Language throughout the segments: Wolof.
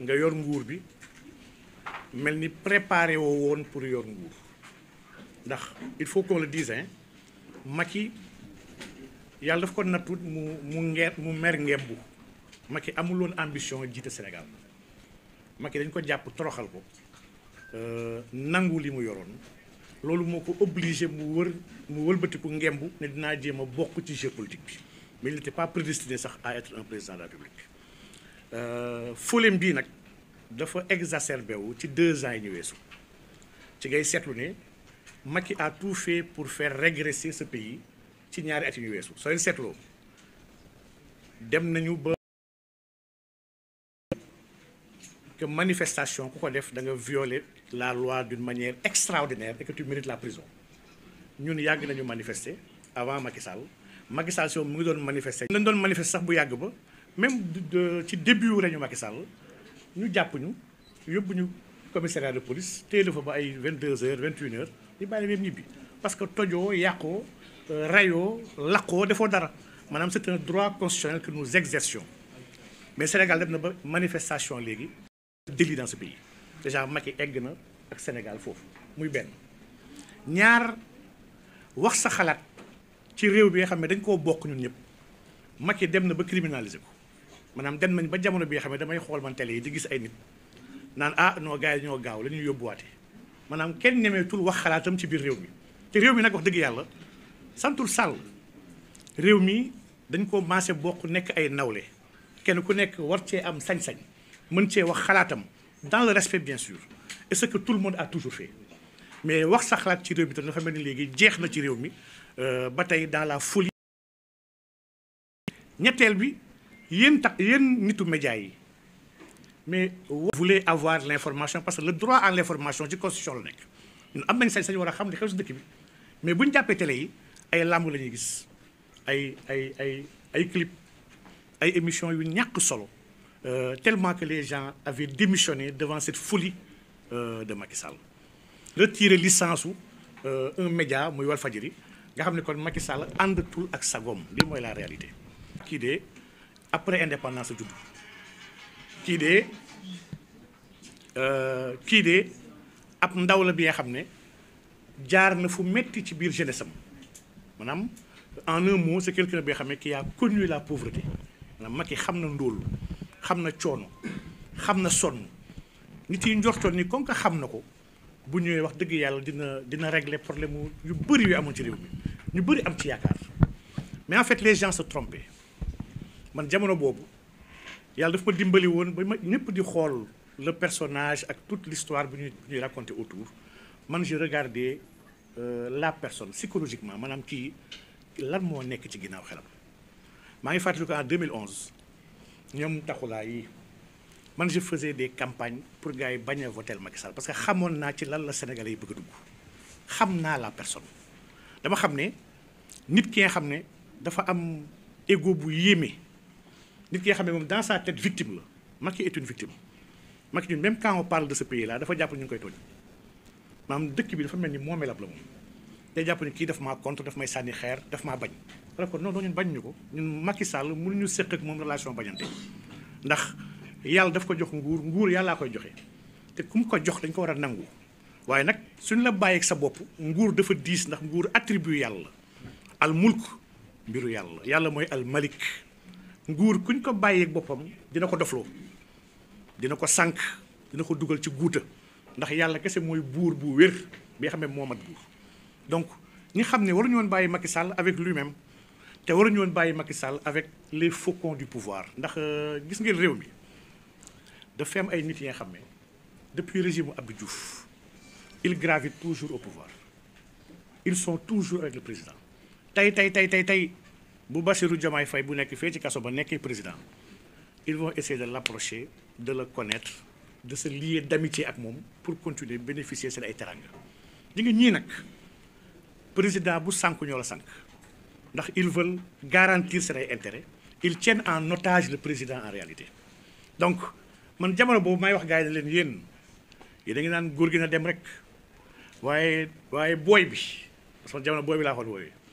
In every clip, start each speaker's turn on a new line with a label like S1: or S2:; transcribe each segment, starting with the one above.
S1: nga yor nguur bi mel ni préparé woo woon pour yor nguur ndax il faut qu'on le dise hein Macky yàlla daf ko nattut mu mu ngeer mu mer ngembu Macky amul woon ambition jiite Sénégal Macky dañ ko jàpp toroxal ko euh, nangu li mu yoroon loolu moo ko obligé mu wër mu wëlbatiku ngembu ne dinaa jéem a bokk ci jeu politique bi mais il n'était pas prédestiné sax à être un président de la République Euh, fóolem bii nag dafa exacerbé wu ci deux ans yi ñu weesu ci ngay seetlu ne Macky à tout fait pour faire régresser ce pays ci ñaari at yi ñu weesu soo leen seetloo dem nañu ba que manifestation ku ko def da nga la loi d'une manière extraordinaire et que tu mérites la prison ñun yàgg nañu manifester avant Macky Sall Macky mu ngi doon manifester. dañ doon manifester sax bu yàgg ba. même ci début wu règne Macky Sall ñu jàpp ñu yóbbu ñu commissariat de police téye fa ba ay 22 heures 21 heures ñu bàyyi leen ñibbi parce que tojoo yàqoo euh, rayoo laqoo defoo dara maanaam c'est un droit constitutionnel que nous exercions mais Sénégal dem na ba manifestation léegi délit dans ce pays déjà egg na ak Sénégal foofu muy benn ñaar wax sa xalaat ci réew bi nga xam ne dañ koo bokk ñun ñëpp Macky dem na ba criminaliser ko maanaam dem nañ ba jamono bi nga xam ne damay xool man télé yi di gis ay nit naan ah non gars yi ñoo gaaw la ñuy yóbbuwaate maanaam kenn ñemeetul wax xalaatam ci biir réew mi te réew mi nag wax dëgg yàlla santul sàll réew mi dañ ko maase bokk nekk ay nawle kenn ku nekk war cee am sañ-sañ mën cee wax xalaatam dans le respect bien sûr et ce que tout le monde a toujours fait mais wax sa xalaat ci réew mi tam dafa mel ni léegi jeex na ci réew mi euh, ba tey dans la folie ñetteel bi yéen tax yéen nitu média yi mais vous voulez avoir l' information parce que le droit à l' information ci constitution la nekk ñun am nañ sañ-sañ war a xam ni xew si dëkk bi mais bu jàppee télé yi ay làmb la ñuy gis ay ay ay ay clip ay émissions yu ñàkk solo euh, tellement que les gens avaient démissionné devant cette folie euh, de Macky Sall retirer licence u euh, un média muy Walfadjri nga xam ne kon Macky Sall àndatul ak sagoom lii mooy la réalité kii de après indépendance a judd kii de euh, kii de ab ndaw la bi nga xam ne jaar na fu metti ci biir jeunesse am maanaam en un mot c'est quelqu'un bi nga xam ne qui a connu la pauvreté maanaam Macky xam na ndóol xam na coono xam na sonn nit yi njortoon ni comme xam na ko bu ñëwee wax dëgg yàlla dina dina régler problème yu bëri yu amoon ci réew mi ñu bari am ci yaakaar mais en fait les gens se trompaient man jamono boobu yàlla daf ma dimbali woon ba ma ñëpp di xool le personnage ak toute l'histoire bi ñuy ñuy raconté autour man je regardais euh, la personne psychologiquement maanaam kii lan moo nekk ci ginnaaw xelam maa ngi fàttaliku en 2011 ñoom taxulaa yi man je faisais des campagne pour gars yi bañ a voter Macky Sall parce que xamoon naa ci lan la Sénégalais yi bëgg a dugg xam naa la personne dama xam ne nit ki nga xam ne dafa am égo bu yéeme nit ki nga xam ne moom dans sa tête victime la Macky est une victime Macky ñun même quand on parle de ce pays là dafa jàpp ñu ngi koy tooñ maam dëkk bi dafa mel ni moomeelab la moom day jàpp ni kii dafa maa contre daf may sànni xeer daf maa bañ alors que non non ñun bañ ñu ko ñun Macky Sall ñu séq ak moom relation bañante ndax yàlla daf ko jox nguur nguur yàllaa koy joxe te ku mu ko jox dañ ko war a nangu waaye nag suñ la bàyyeeg sa bopp nguur dafa diis ndax nguur attribut yàlla al mulk mbiru yàlla yàlla mooy al malik nguur kuñ ko bàyyeeg boppam dina ko dofloo dina ko sànq dina ko dugal ci guuta ndax yàlla kese mooy buur bu wér bi xam ne moo mat buur donc ñi xam ne waruñu woon bàyyi Macky sàll avec lui-même te waruñu woon bàyyi Macky Sall avec les faucons du pouvoir ndax euh, gis ngeen réew mi dafa am ay nit yi xam ne depuis régime Abdou Diouf ils gravitent toujours au pouvoir ils sont toujours avec le président tey tey tey tey. bu Bassirou Diomaye Faye bu nekk fee ci kaso ba nekkee président il vont essayer de l'approcher de le connaître de se lier d'amitié ak moom pour continuer bénéficier seen ay teranga di nga ñii nag président bu sànk ñoo la sànk ndax ils veulent garantir seen ay intérêts ils tiennent en otage le président en réalité donc man jamono boobu may wax gars yi ne leen yéen yéen da ngi naan góor gi na dem rek waaye waaye booy bi parce que jamono booy bi laa xool wooyee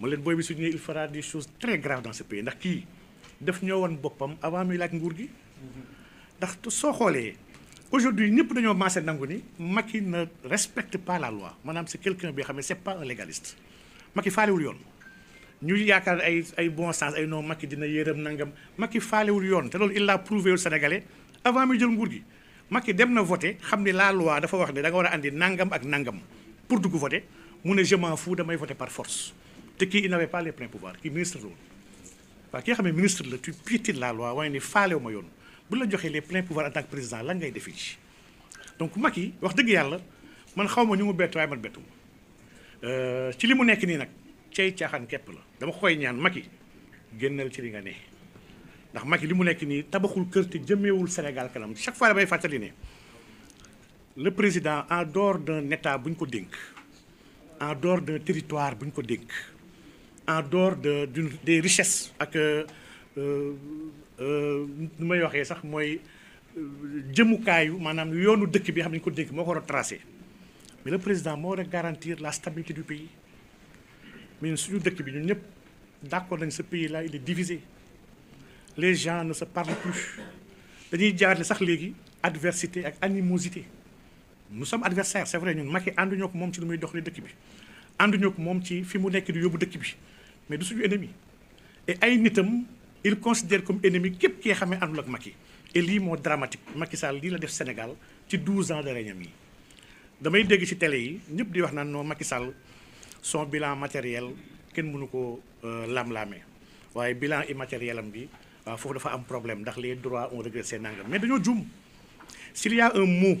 S1: ma leen booy bi su ñëwee il fera des choses très graves kii daf ñoo woon boppam avant muy laaj nguur gi ndax soo xoolee aujourd'hui ñëpp dañoo maase nangu ni Macky ne respecte pas la loi maanaam c'est quelqu'un bi xam ne c'est pas un légaliste Macky faalewul yoon ñu yaakaar ay ay bon sens ay non Macky dina yërëm nangam Macky faalewul yoon te loolu il l'a prouvé au Sénégalais avant muy jël nguur gi Macky dem na voté xam ni la loi dafa wax ne da nga war a andi nangam ak nangam pour dugg voté mu ne je m'en fous damay voté par force te kii il n'avait pas les pleins pouvoirs kii ministre la woon waaw ki nga xam ne ministre la tu piétines la loi waaye ni faalewu ma yoon bu la joxee les pleins pouvoirs en tant que président lan ngay defee ci donc yi wax dëgg yàlla man xaw ma ñu mu bett waaye man bettu euh, ci li mu nekk nii nag cay caaxaan képp la dama koy ñaan mag yi génnal ci li nga ne ndax mag yi li mu nekk nii tabaxul kër te jëmeewul Sénégal kanam chaque fois damay fàttali ne le président en dehors d'un état bu ko dénk en dehors d'un territoire bu ñu ko dénk en door de du des richesses ak euh, euh, euh, nu may waxee sax mooy jëmukaayu maanaam yoonu dëkk bi xam ne ñu ko dégg moo ko war a mais le président moo war a garantir la stabilité du pays mais suñu dëkk bi ñun ñëpp d'accord nañ sa pays la il est divisé les gens ne se parlent plus dañuy jaarale sax léegi adversité ak animosité mu sommes adversaires c'est vrai ñun Macky ànduñoo ko moom ci lu muy dox doxalee dëkk bi ànduñu ak moom ci fi mu nekk di yóbbu dëkk bi mais du suñu ennemi et ay nitam il consider comme ennemi képp kee xamee àndul ak Macky et lii moo dramatique Macky Sall lii la def Sénégal ci 12 ans de régnam yi damay dégg ci télé yi ñëpp di wax naan noo Macky Sall son bilan matériel kenn mënu ko euh, lam-laamee waaye bilan immatériel am bi foofu dafa am problème ndax les droits ont régressé nangam mais dañoo juum s'il y a mot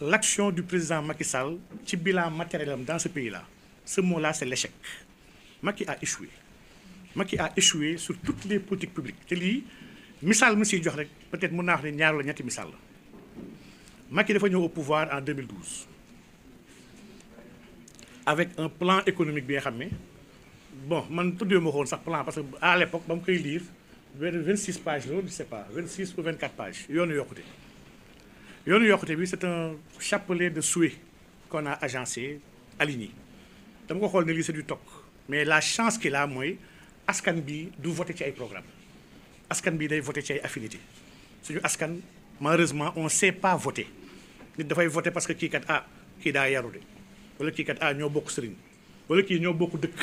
S1: l'action du président Macky Sall ci bilan matériel am dans ce pays la ce mot la c'est l'échec Macky a échoué Macky a échoué sur toutes les politiques publiques te lii misaal mu siy jox rek peut-être mu naa wax ne ñaar la ñetti misaal la Macky dafa ñëw au pouvoir en 2012 avec un plan économique bi nga xam ne bon man tuddee ma ko woon sax plan parce que à l'époque ba mu koy lire benn 26 pages la woon je ne sais pas 26 ou 24 pages yoonu yokkute. yoonu yokkute bi c'est un chapelet de souhaits qu'on a agencé aligné dama ko xool ne lii c'est du toc mais la chance qu'il a mooy askan bi du vote ci ay programme askan bi day voter ci ay affinité suñu askan malheureusement on sait pas voter nit dafay voter parce que kii kat ah kii daa yaru de wala kii kat ah ñoo bokk sëriñ wala kii ñoo bokk dëkk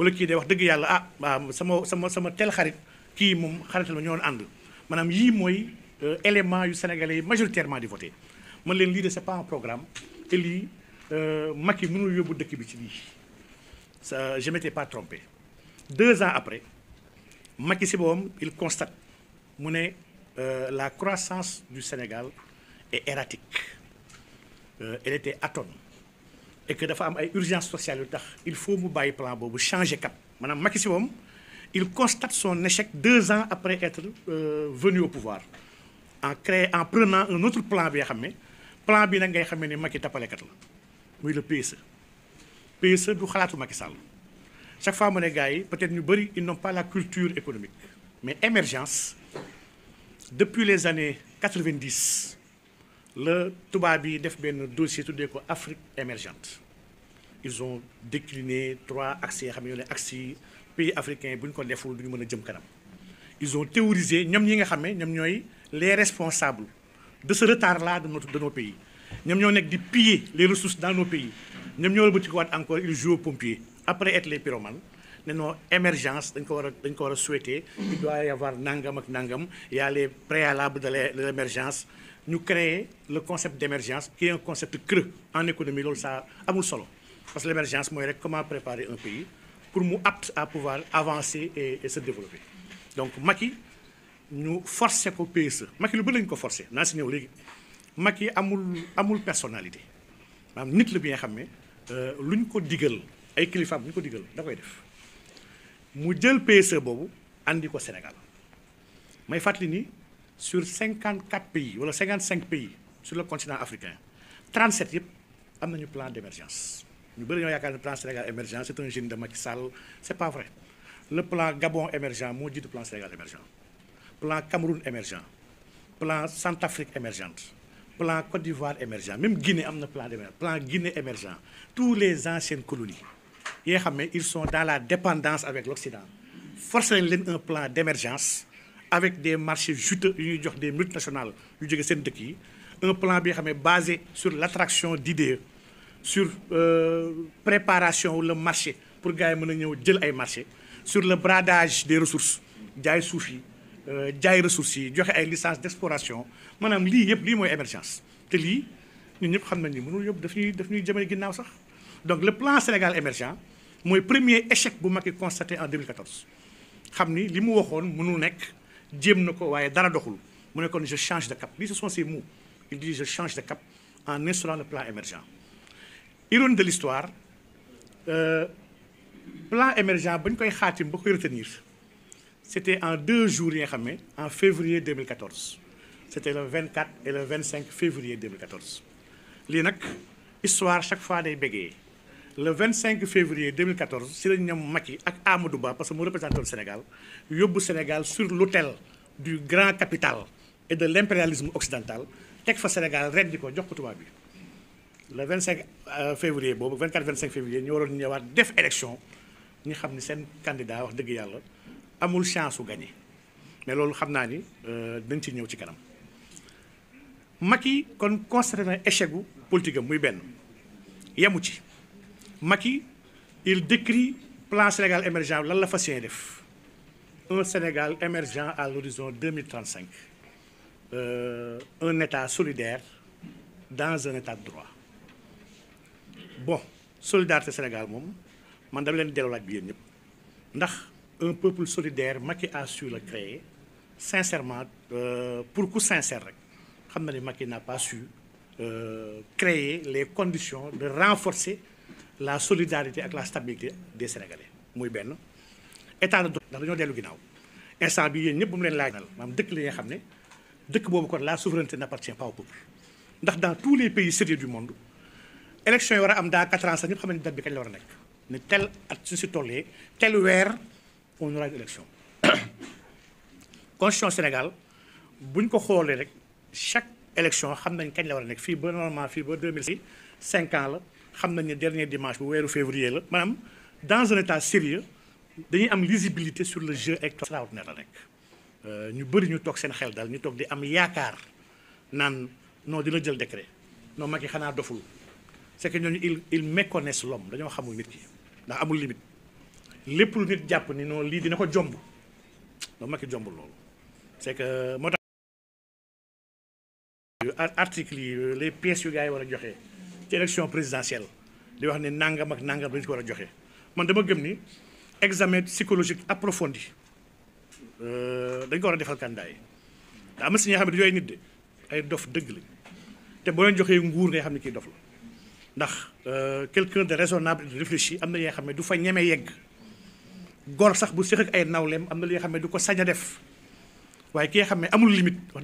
S1: wala kii day wax dëgg yàlla ah sama sama sama tel xarit kii moom xarital ma ñoo ànd maanaam yii mooy Euh, éléments yu sénégal yi majoritairement di voté ma leen lii de c'est pas un programme te lii euh, Macky mënul yóbbu dëkk bi ci lii ça je m'étais pas trompé deux ans après Macky si boobam il constate mu ne euh, la croissance du Sénégal est erratique elle était atone et que dafa am ay urgence sociale yu tax il faut mu bàyyi plan boobu changer cap maanaam Macky si boobam il constate son échec deux ans après être venu au pouvoir en créé en prenant un autre plan bi nga xam ne plan bi nag ngay xam ne Macky tapalekat la muy le PSE PSE du xalaatu Macky Sall chaque fois mu ne gars yi peut-être ñu bëri ils n'ont pas la culture économique mais émergence depuis les années 90 la tubaab yi def benn dossier tuddee ko Afrique émergente ils ont décliné trois axes yoo xam ne ñoo ne axes pays africains bu ñu ko deful du ñu mën a jëm kanam ils ont théorisé ñoom ñi nga xam ne ñoom ñooy les responsables de ce retard-là de notre de nos pays ñoom ñoo nekk di piller les ressources dans nos pays ñoom ñoo wëlbatikuwaat encore ils jouent pompier après être les pyromanes ne non émergence dañ ko war a dañ ko war a souhaiter il doit y avoir nangam ak nangam y a les préalables de l'émergence ñu créer le concept d'émergence qui est un concept creux en économie loolu ça amul solo parce que l'émergence mooy rek comment préparer un pays pour mu apte à pouvoir avancer et, et se ñu forcé ko PSE yi lu bëri lañu ko forcé naa si ñëw léegi yi amul amul personnalité maanaam nit la bi nga xam ne euh, ñu ko digal ay kilifaam bu ñu ko digal da koy def mu jël PSE boobu andi ko Sénégal may fàttali ni sur 54 pays wala 55 pays sur le continent africain 37 yëpp am nañu plan d'émergence ñu bëri ñoo yaakaar ne plan Sénégal émergent c'est un génie de Macky Sall c'est pas vrai le plan Gabon émergent moo jiitu plan Sénégal émergent plan Cameroun émergent plan Centrafrique émergente plan Côte d'Ivoire émergent même Guinée am na plan d'émergence plan Guinée émergent tous les anciennes colonies yi nga xam ne ils sont dans la dépendance avec l'Occident forcé nañ leen un plan d'émergence avec des marchés juteux yu ñuy jox des multinationales yu jóge seen dëkk yi un plan bi nga xam ne basé sur l'attraction d'idées sur euh, préparation le marché pour gars yi mën a ñëw jël ay marché sur le bradage des ressources jaay suuf Euh, jaay ressources yi joxe ay licence d'exploration maanaam lii yëpp lii mooy émergence te lii ñun ñëpp xam nañ ni mënul yëpp daf ñuy daf ñuy jëmale ginnaaw sax donc le plan Sénégal émergent mooy premier échec bu Macky constaté en 2014 xam ni li mu waxoon mënul nekk jéem na ko waaye dara doxul mu ne kon je change de cap lii ce sont ces mots il dit je change de cap en instaurant le plan émergent ironie de l'histoire euh, plan émergent ba ñu koy xaatim ba koy retenir c'était en deux jours yi nga xam ne en février 2014 c'était le 24 et le 25 février 2014 lii nag histoire chaque fois day bégee le 25 février 2014 si la ñu ñoom ak Amadou Ba parce que mu représenté le Sénégal yóbbu Sénégal sur l'autel du grand capital et de l'impérialisme occidental teg fa Sénégal ren di ko jox ko tubaab bi le cinq euh, février boobu 24 25 février ñu waroon ñëwaat def élection ñu xam ni seen candidat wax dëgg yàlla. amul chance su gagné mais loolu xam naa ni euh, dañ ci ñëw ci kanam Macky kon constaté na échec gu politique muy benn yemu ci Macky il décrit plan Sénégal émergent lan la fa yéene def un Sénégal émergent à l'horizon 2035 euh, un état solidaire dans un état de droit bon solidarité Sénégal moom man dama leen delloo bi yéen ñëpp ndax un peuple solidaire Macky a su le créer sincèrement euh, pour ku sincère rek xam na ne Macky n'a pas su euh, créer les conditions de renforcer la solidarité ak la stabilité des Sénégalais muy benn état de droit ndax dañoo dellu ginnaaw instant bi yéen ñëpp bu mu leen laajal maam dëkk la nga xam ne dëkk boobu kon la souveraineté n'appartient pas au peuple ndax dans tous les pays sérieux du monde élection yi war am dans quatre ans sax ñëpp xam ne date tel at suñu si tollee tel weer on aura une élection constitution Sénégal buñ ko xoolee rek chaque élection xam nañ kañ la war a nekk fii ba normalement fii ba 2006 cinq ans la xam nañ ne dernier dimanche bu weeru février la maanaam dans un état sérieux dañuy am lisibilité sur le jeu électoral ordinaire la nekk euh, ñu bëri ñu toog seen xel daal ñu toog di am yaakaar naan non dina jël décret non Macky xanaa doful c'est que ñooñu ils ils méconnaissent l'homme dañoo xamul nit ki ndax amul limite lépp lu nit jàpp ni noonu lii dina ko jomb loolu Macky jombul loolu c'est que moo tax article yi les pièces yu gars yi war a joxe ci élection présidentielle di wax ne nangam ak nangam dañu ko war a joxe man dama gëm ni examen psychologique approfondi euh, dañ ko war a defal candidat yi daa am si ñoo xam ne yooyu nit de ay dof dëgg lañ te boo joxee nguur ngay xam ne kii dof la ndax euh, quelqu'un de raisonnable de réfléchi am na yoo xam ne du fa ñeme yegg gor sax bu séq ak ay nawleem am na li xam ne du ko sañ a def waaye ki xam ne amul limite wax dëgg